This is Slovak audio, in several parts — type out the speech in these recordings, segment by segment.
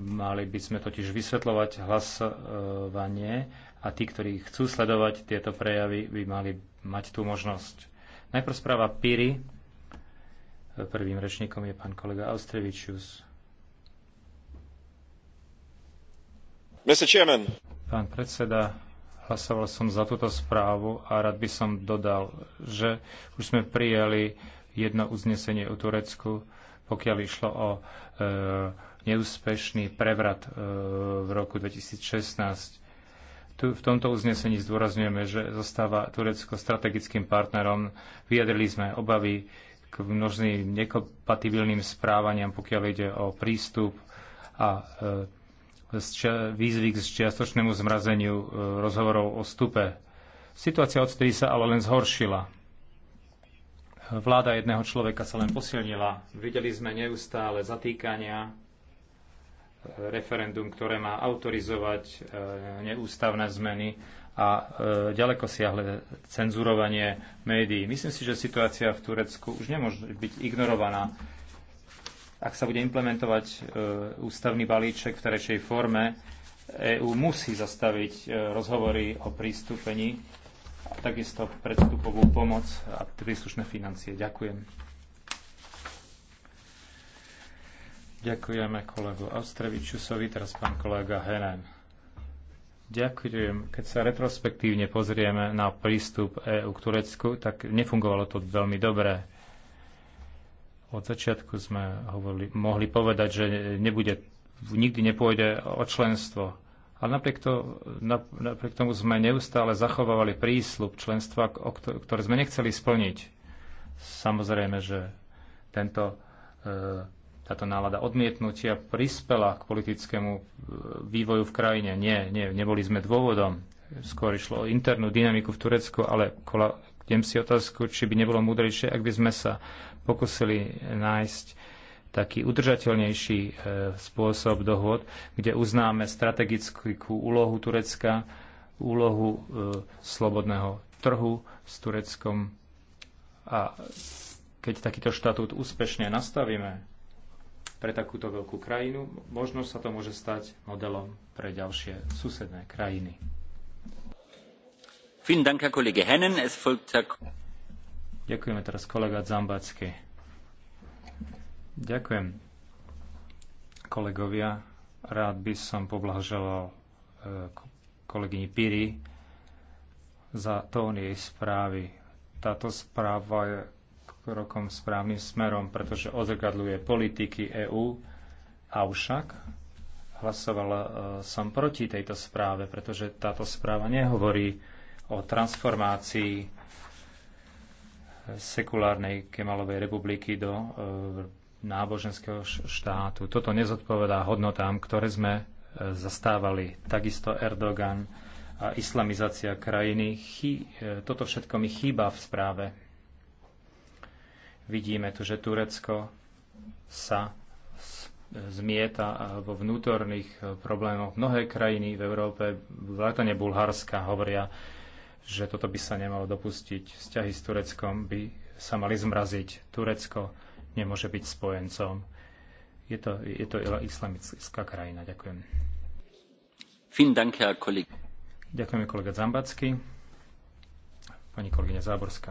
Mali by sme totiž vysvetľovať hlasovanie a tí, ktorí chcú sledovať tieto prejavy, by mali mať tú možnosť. Najprv správa Piri. Prvým rečníkom je pán kolega Austrevičius. Pán predseda, hlasoval som za túto správu a rád by som dodal, že už sme prijali jedno uznesenie o Turecku, pokiaľ išlo o e, neúspešný prevrat e, v roku 2016. Tu, v tomto uznesení zdôrazňujeme, že zostáva Turecko strategickým partnerom. Vyjadrili sme obavy k množným nekompatibilným správaniam, pokiaľ ide o prístup a e, výzvy k čiastočnému zmrazeniu e, rozhovorov o stupe. Situácia odtedy sa ale len zhoršila vláda jedného človeka sa len posilnila. Videli sme neustále zatýkania, referendum, ktoré má autorizovať e, neústavné zmeny a e, ďaleko siahle cenzurovanie médií. Myslím si, že situácia v Turecku už nemôže byť ignorovaná. Ak sa bude implementovať e, ústavný balíček v terejšej forme, EÚ musí zastaviť rozhovory o prístupení a takisto predstupovú pomoc a príslušné financie. Ďakujem. Ďakujeme kolegu Austrevičusovi, teraz pán kolega Henen. Ďakujem. Keď sa retrospektívne pozrieme na prístup EÚ k Turecku, tak nefungovalo to veľmi dobre. Od začiatku sme hovorili, mohli povedať, že nebude, nikdy nepôjde o členstvo. Ale napriek, to, napriek tomu sme neustále zachovávali prísľub členstva, ktoré sme nechceli splniť. Samozrejme, že tento e, táto nálada odmietnutia prispela k politickému e, vývoju v krajine. Nie, nie, neboli sme dôvodom. Skôr išlo o internú dynamiku v Turecku, ale idem si otázku, či by nebolo múdrejšie, ak by sme sa pokusili nájsť taký udržateľnejší e, spôsob dohod, kde uznáme strategickú úlohu Turecka, úlohu e, slobodného trhu s Tureckom a keď takýto štatút úspešne nastavíme, pre takúto veľkú krajinu. Možno sa to môže stať modelom pre ďalšie susedné krajiny. Ďakujeme teraz kolega Zambacky. Ďakujem. Kolegovia, rád by som poblahoželal e, kolegyni Piri za tón jej správy. Táto správa je krokom správnym smerom, pretože odzrkadľuje politiky EÚ. Avšak hlasovala e, som proti tejto správe, pretože táto správa nehovorí o transformácii sekulárnej Kemalovej republiky do e, náboženského štátu. Toto nezodpovedá hodnotám, ktoré sme e, zastávali. Takisto Erdogan a islamizácia krajiny. Toto všetko mi chýba v správe. Vidíme tu, že Turecko sa zmieta vo vnútorných eh, problémoch. Mnohé krajiny v Európe, vrátane Bulharska, hovoria, že toto by sa nemalo dopustiť. Vzťahy s Tureckom by sa mali zmraziť. Turecko nemôže byť spojencom. Je to, je to islamická krajina. Ďakujem. Ďakujeme kolega Zambacky. Pani kolegyňa Záborská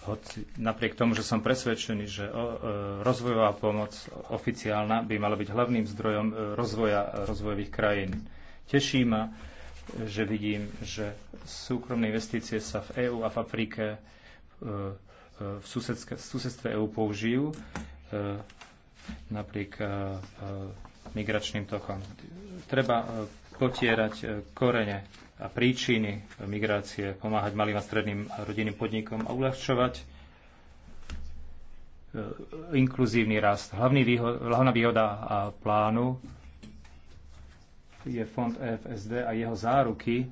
hoci, napriek tomu, že som presvedčený, že e, rozvojová pomoc oficiálna by mala byť hlavným zdrojom e, rozvoja rozvojových krajín. Teší ma, že vidím, že súkromné investície sa v EÚ a v Afrike e, v, susedske, v susedstve EÚ použijú napriek migračným tokom. Treba potierať korene a príčiny migrácie, pomáhať malým a stredným rodinným podnikom a uľahčovať e, inkluzívny rast. Hlavný výho- hlavná výhoda a plánu je fond EFSD a jeho záruky,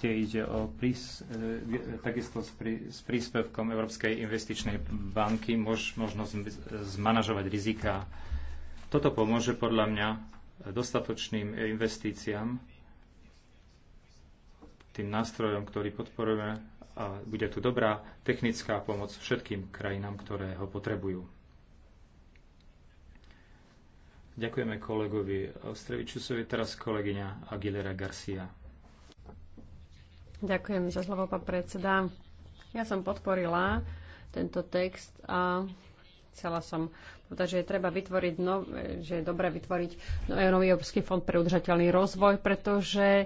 kde ide o prís- e, e, takisto s, prí- s príspevkom Európskej investičnej banky mož- možnosť zmanažovať rizika. Toto pomôže podľa mňa dostatočným investíciám tým nástrojom, ktorý podporujeme a bude tu dobrá technická pomoc všetkým krajinám, ktoré ho potrebujú. Ďakujeme kolegovi Ostrevičusovi, teraz kolegyňa Aguilera Garcia. Ďakujem za slovo, pán predseda. Ja som podporila tento text a chcela som povedať, že je treba vytvoriť, nov, že je dobré vytvoriť nový Európsky fond pre udržateľný rozvoj, pretože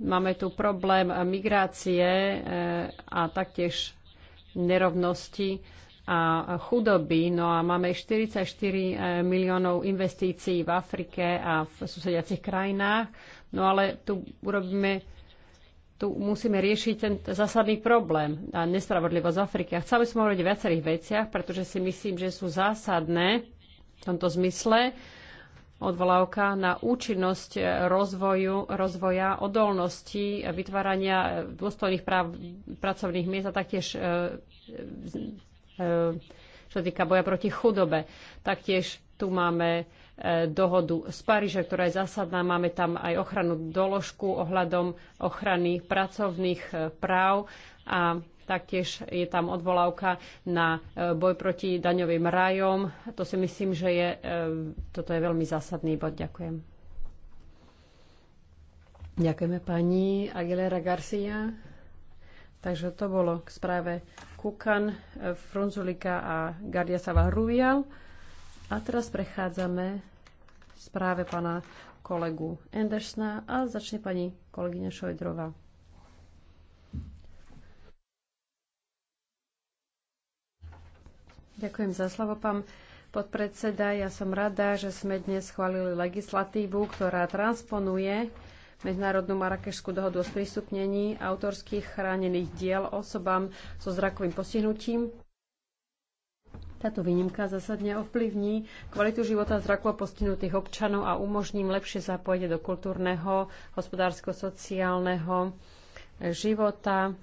Máme tu problém migrácie eh, a taktiež nerovnosti a chudoby. No a máme 44 eh, miliónov investícií v Afrike a v susediacich krajinách. No ale tu urobíme tu musíme riešiť ten zásadný problém a nespravodlivosť Afriky. A chcel by som hovoriť o viacerých veciach, pretože si myslím, že sú zásadné v tomto zmysle odvolávka na účinnosť rozvoju, rozvoja odolnosti, vytvárania dôstojných práv pracovných miest a taktiež e, e, e, čo týka boja proti chudobe. Taktiež tu máme dohodu z Paríža, ktorá je zásadná. Máme tam aj ochranu doložku ohľadom ochrany pracovných práv a Taktiež je tam odvolávka na e, boj proti daňovým rajom. To si myslím, že je, e, toto je veľmi zásadný bod. Ďakujem. Ďakujeme pani Aguilera Garcia. Takže to bolo k správe Kukan, e, Frunzulika a Gardia Hruvial. A teraz prechádzame správe pána kolegu Endersna a začne pani kolegyňa Šojdrová. Ďakujem za slovo, pán podpredseda. Ja som rada, že sme dnes schválili legislatívu, ktorá transponuje Medzinárodnú marakešskú dohodu o sprístupnení autorských chránených diel osobám so zrakovým postihnutím. Táto výnimka zásadne ovplyvní kvalitu života zrakovo postihnutých občanov a umožní im lepšie zapojenie do kultúrneho, hospodársko-sociálneho eh, života.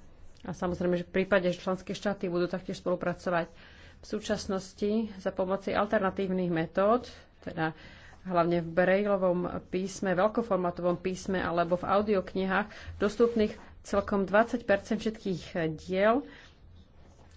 A samozrejme, že v prípade, že členské štáty budú taktiež spolupracovať v súčasnosti za pomoci alternatívnych metód, teda hlavne v brejlovom písme, veľkoformatovom písme alebo v audioknihách, dostupných celkom 20 všetkých diel.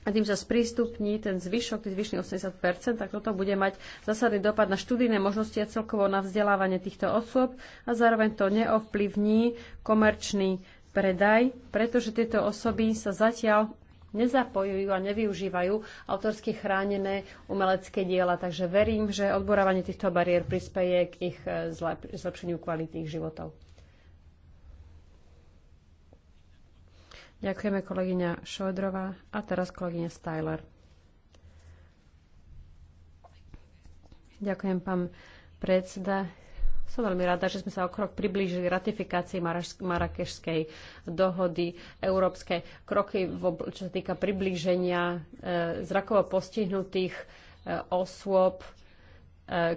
A tým sa sprístupní ten zvyšok, tých zvyšných 80 tak toto bude mať zásadný dopad na študijné možnosti a celkovo na vzdelávanie týchto osôb a zároveň to neovplyvní komerčný predaj, pretože tieto osoby sa zatiaľ nezapojujú a nevyužívajú autorsky chránené umelecké diela. Takže verím, že odborávanie týchto bariér prispieje k ich e, zlepšeniu kvality ich životov. Ďakujeme kolegyňa Šodrova a teraz kolegyňa Styler. Ďakujem, pán predseda. Som veľmi rada, že sme sa o krok priblížili ratifikácii Marakešskej dohody. Európske kroky, čo sa týka priblíženia e, zrakovo postihnutých e, osôb e,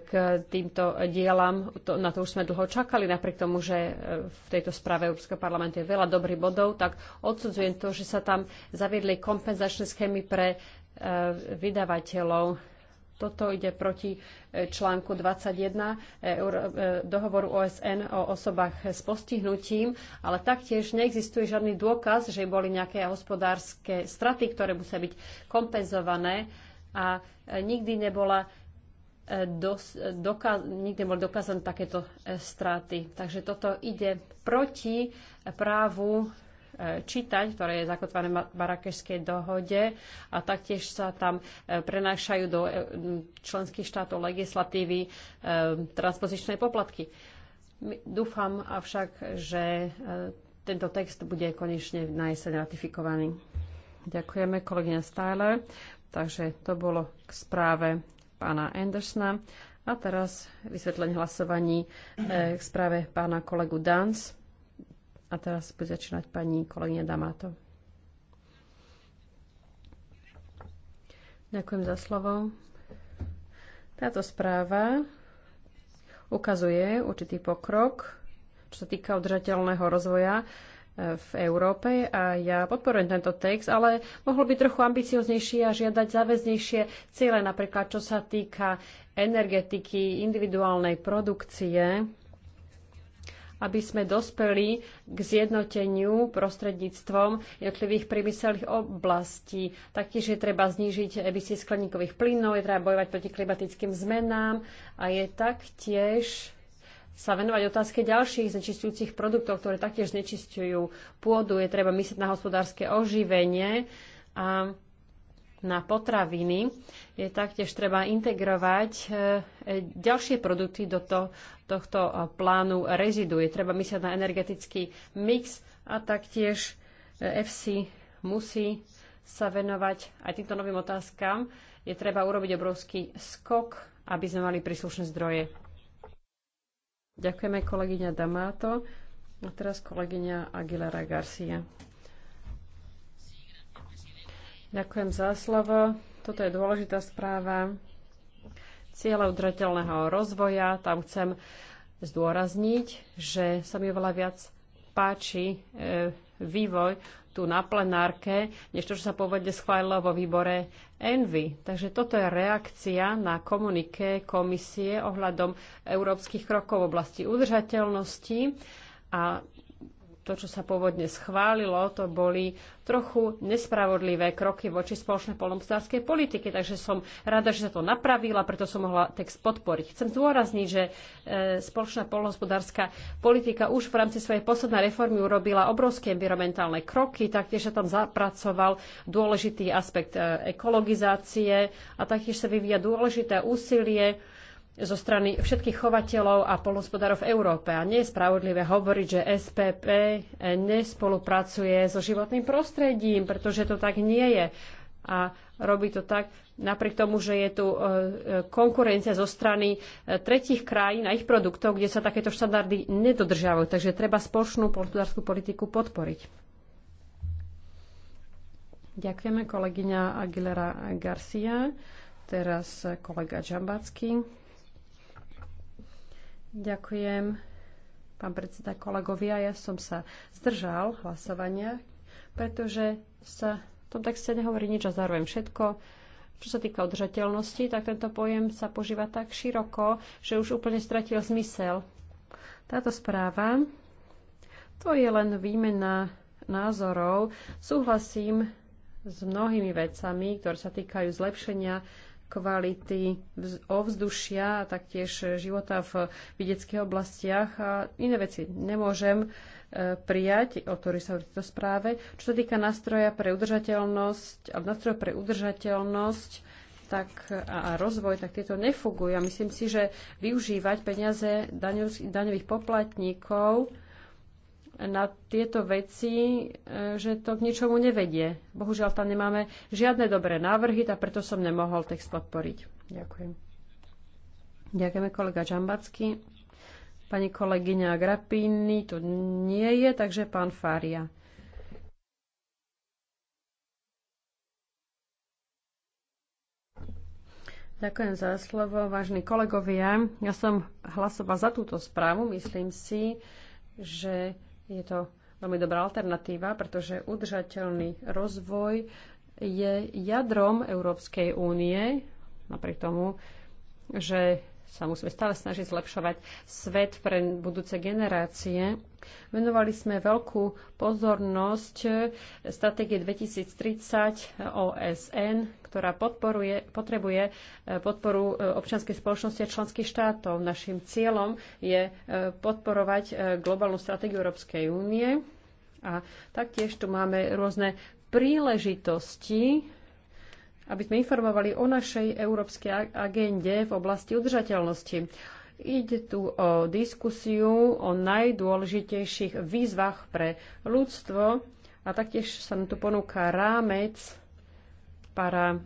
k týmto dielam. To, na to už sme dlho čakali, napriek tomu, že v tejto správe Európskeho parlamentu je veľa dobrých bodov, tak odsudzujem to, že sa tam zaviedli kompenzačné schémy pre vydavateľov. Toto ide proti e, článku 21 e, e, dohovoru OSN o osobách s postihnutím, ale taktiež neexistuje žiadny dôkaz, že boli nejaké hospodárske straty, ktoré musia byť kompenzované a nikdy nebola dos, nikdy nebol dokázané takéto straty. Takže toto ide proti právu Eh, čítať, ktoré je zakotvané v Marakešskej dohode a taktiež sa tam eh, prenášajú do eh, členských štátov legislatívy transpozičné poplatky. Dúfam avšak, že tento text bude konečne na jeseň ratifikovaný. Ďakujeme, kolegyňa Styler. Takže to bolo k správe pána Andersna. A teraz vysvetlenie hlasovaní k správe pána kolegu Dans. A teraz bude začínať pani kolegyňa Damato. Ďakujem za slovo. Táto správa ukazuje určitý pokrok, čo sa týka udržateľného rozvoja e, v Európe a ja podporujem tento text, ale mohol byť trochu ambicioznejší a žiadať záväznejšie ciele, napríklad čo sa týka energetiky, individuálnej produkcie aby sme dospeli k zjednoteniu prostredníctvom jednotlivých priemyselných oblastí. Taktiež je treba znížiť emisie skleníkových plynov, je treba bojovať proti klimatickým zmenám a je taktiež sa venovať otázke ďalších znečistujúcich produktov, ktoré taktiež znečistujú pôdu. Je treba myslieť na hospodárske oživenie a na potraviny, je taktiež treba integrovať e, e, ďalšie produkty do to, tohto e, plánu rezidu. Je treba myslieť na energetický mix a taktiež FC musí sa venovať aj týmto novým otázkam. Je treba urobiť obrovský skok, aby sme mali príslušné zdroje. Ďakujeme kolegyňa Damáto a teraz kolegyňa Aguilera Garcia. Ďakujem za slovo. Toto je dôležitá správa cieľa udržateľného rozvoja. Tam chcem zdôrazniť, že sa mi veľa viac páči e, vývoj tu na plenárke, než to, čo sa pôvodne schválilo vo výbore Envy. Takže toto je reakcia na komunike komisie ohľadom európskych krokov v oblasti udržateľnosti. A to, čo sa pôvodne schválilo, to boli trochu nespravodlivé kroky voči spoločnej polnohospodárskej politike, takže som rada, že sa to napravila, preto som mohla text podporiť. Chcem zdôrazniť, že e, spoločná polnohospodárska politika už v rámci svojej poslednej reformy urobila obrovské environmentálne kroky, taktiež sa tam zapracoval dôležitý aspekt e, ekologizácie a taktiež sa vyvíja dôležité úsilie zo strany všetkých chovateľov a polnospodárov v Európe. A nie je spravodlivé hovoriť, že SPP nespolupracuje so životným prostredím, pretože to tak nie je. A robí to tak, napriek tomu, že je tu e, konkurencia zo strany e, tretich krajín a ich produktov, kde sa takéto štandardy nedodržiavajú. Takže treba spoločnú polnospodárskú politiku podporiť. Ďakujeme kolegyňa Aguilera Garcia. Teraz kolega Džambacký. Ďakujem, pán predseda kolegovia. Ja som sa zdržal hlasovania, pretože sa v tom texte nehovorí nič a zároveň všetko. Čo sa týka udržateľnosti, tak tento pojem sa požíva tak široko, že už úplne stratil zmysel. Táto správa, to je len výmena názorov. Súhlasím s mnohými vecami, ktoré sa týkajú zlepšenia kvality ovzdušia a taktiež života v vidieckých oblastiach a iné veci nemôžem e, prijať, o ktorých sa v tejto správe. Čo sa týka nástroja pre udržateľnosť, alebo nástroja pre udržateľnosť tak, a, a rozvoj, tak tieto nefungujú. A myslím si, že využívať peniaze daňových poplatníkov na tieto veci, e, že to k ničomu nevedie. Bohužiaľ tam nemáme žiadne dobré návrhy a preto som nemohol text podporiť. Ďakujem. Ďakujeme kolega Čambacky. Pani kolegyňa Grapini tu nie je, takže pán Fária. Ďakujem za slovo, vážni kolegovia. Ja som hlasoval za túto správu. Myslím si, že je to veľmi dobrá alternatíva, pretože udržateľný rozvoj je jadrom Európskej únie, napriek tomu, že sa musíme stále snažiť zlepšovať svet pre budúce generácie. Venovali sme veľkú pozornosť stratégie 2030 OSN, ktorá podporuje, potrebuje e, podporu e, občianskej spoločnosti a členských štátov. Našim cieľom je e, podporovať globálnu stratégiu Európskej únie. A taktiež tu máme rôzne príležitosti aby sme informovali o našej európskej agende v oblasti udržateľnosti. Ide tu o diskusiu o najdôležitejších výzvach pre ľudstvo a taktiež sa nám tu ponúka rámec para,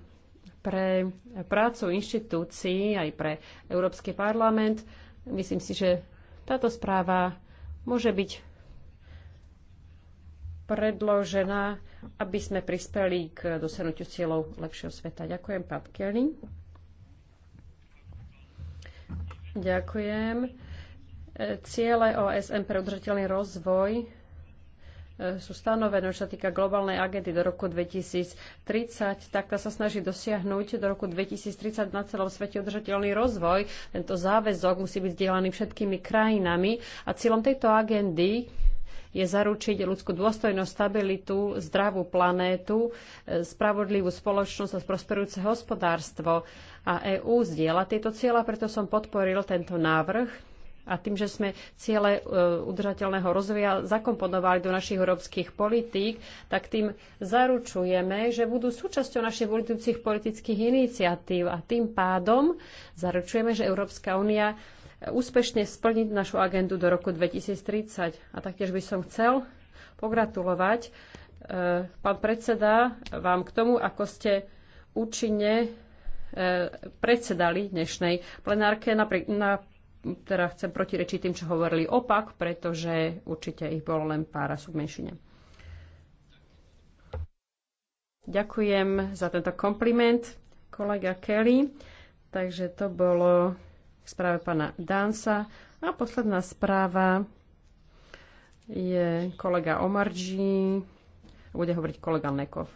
pre prácu inštitúcií aj pre Európsky parlament. Myslím si, že táto správa môže byť predložená, aby sme prispeli k dosiahnutiu cieľov lepšieho sveta. Ďakujem, pán Kelly. Ďakujem. Ciele OSM pre udržateľný rozvoj e, sú stanovené, čo sa týka globálnej agendy do roku 2030, tak sa snaží dosiahnuť do roku 2030 na celom svete udržateľný rozvoj. Tento záväzok musí byť zdieľaný všetkými krajinami a cieľom tejto agendy je zaručiť ľudskú dôstojnosť, stabilitu, zdravú planétu, e, spravodlivú spoločnosť a prosperujúce hospodárstvo. A EÚ zdieľa tieto cieľa, preto som podporil tento návrh. A tým, že sme ciele e, udržateľného rozvoja zakomponovali do našich európskych politík, tak tým zaručujeme, že budú súčasťou našich budúcich politických iniciatív a tým pádom zaručujeme, že Európska únia úspešne splniť našu agendu do roku 2030. A taktiež by som chcel pogratulovať, e, pán predseda, vám k tomu, ako ste účinne e, predsedali dnešnej plenárke. Napriek, na, teda chcem protirečiť tým, čo hovorili opak, pretože určite ich bolo len pár sú v menšine. Ďakujem za tento kompliment, kolega Kelly. Takže to bolo k správe pána Dansa. A posledná správa je kolega Omarží. Bude hovoriť kolega Nekov.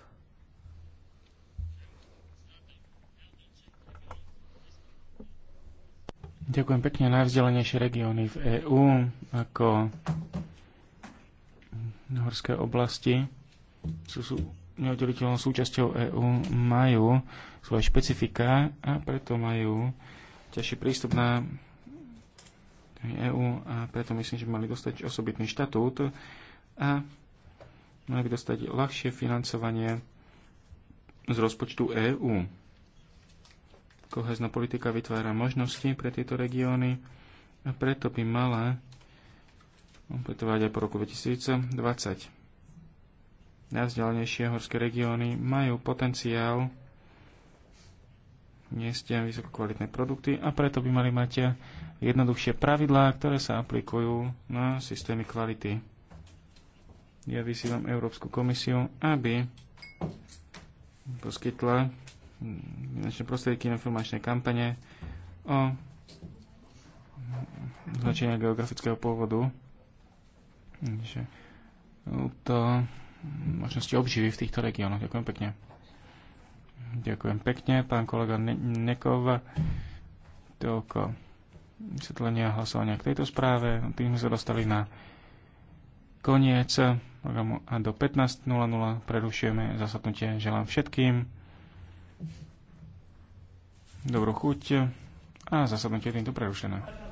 Ďakujem pekne. Najvzdelenejšie regióny v EÚ ako horské oblasti sú, sú neoddeliteľnou súčasťou EÚ, majú svoje špecifika a preto majú ťažší prístup na EÚ a preto myslím, že by mali dostať osobitný štatút a mali by dostať ľahšie financovanie z rozpočtu EÚ. Kohezná politika vytvára možnosti pre tieto regióny a preto by mala upetovať aj po roku 2020. Najvzdialenejšie horské regióny majú potenciál ste vysokokvalitné produkty a preto by mali mať jednoduchšie pravidlá, ktoré sa aplikujú na systémy kvality. Ja vysílam Európsku komisiu, aby poskytla finančné prostriedky na informačnej kampane o značenia geografického pôvodu. Takže to možnosti obživy v týchto regiónoch. Ďakujem pekne. Ďakujem pekne, pán kolega ne Nekov. Toľko vysvetlenia hlasovania k tejto správe. Tým sme sa dostali na koniec programu a do 15.00 prerušujeme zasadnutie. Želám všetkým dobrú chuť a zasadnutie týmto prerušené.